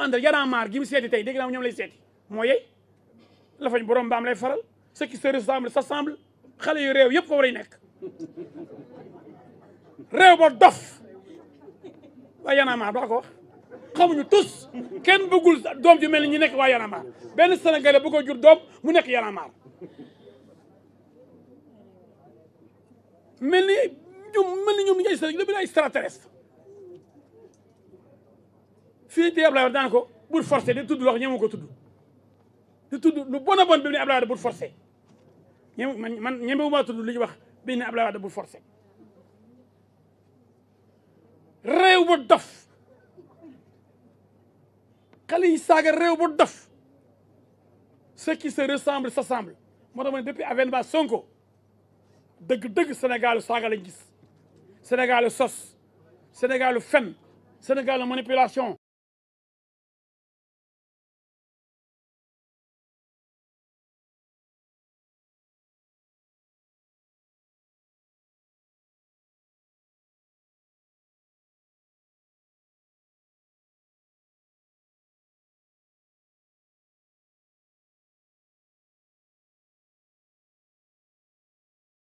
mu àndal yaraamaar gi mu seeti tey dégg naa ñoom lay seeti moo yey la fañ borom mbaam lay faral ce qui se ressemble s'assemble xale yu réew yëpp fa war a nekk réew ba dof waaye yaraamaar doo ko wax xamuñu tous kenn bëggul doom ju mel ni ñu nekk waa yaraamaar benn sénégalais bu ko jur doom mu nekk yaraamaar mel ni ñoom mel ni ñoom ñu ay sénégalais ay extraterrestre fii di Ablaye daan ko bul forcer de tudd loxo ñemu ko tudd di tudd lu bon a bon bi mu ne Ablaye Wade bul forcé man man ñemewuma tudd li wax bi ne Ablaye Wade bul forcé réew bu dof xale yi rew réew bu dof ce qui se ressemble s'assemble moo tax ma ne depuis avènement Sonko deug deug senegal saaga lañ gis Sénégalu sos Sénégalu fen senegal manipulation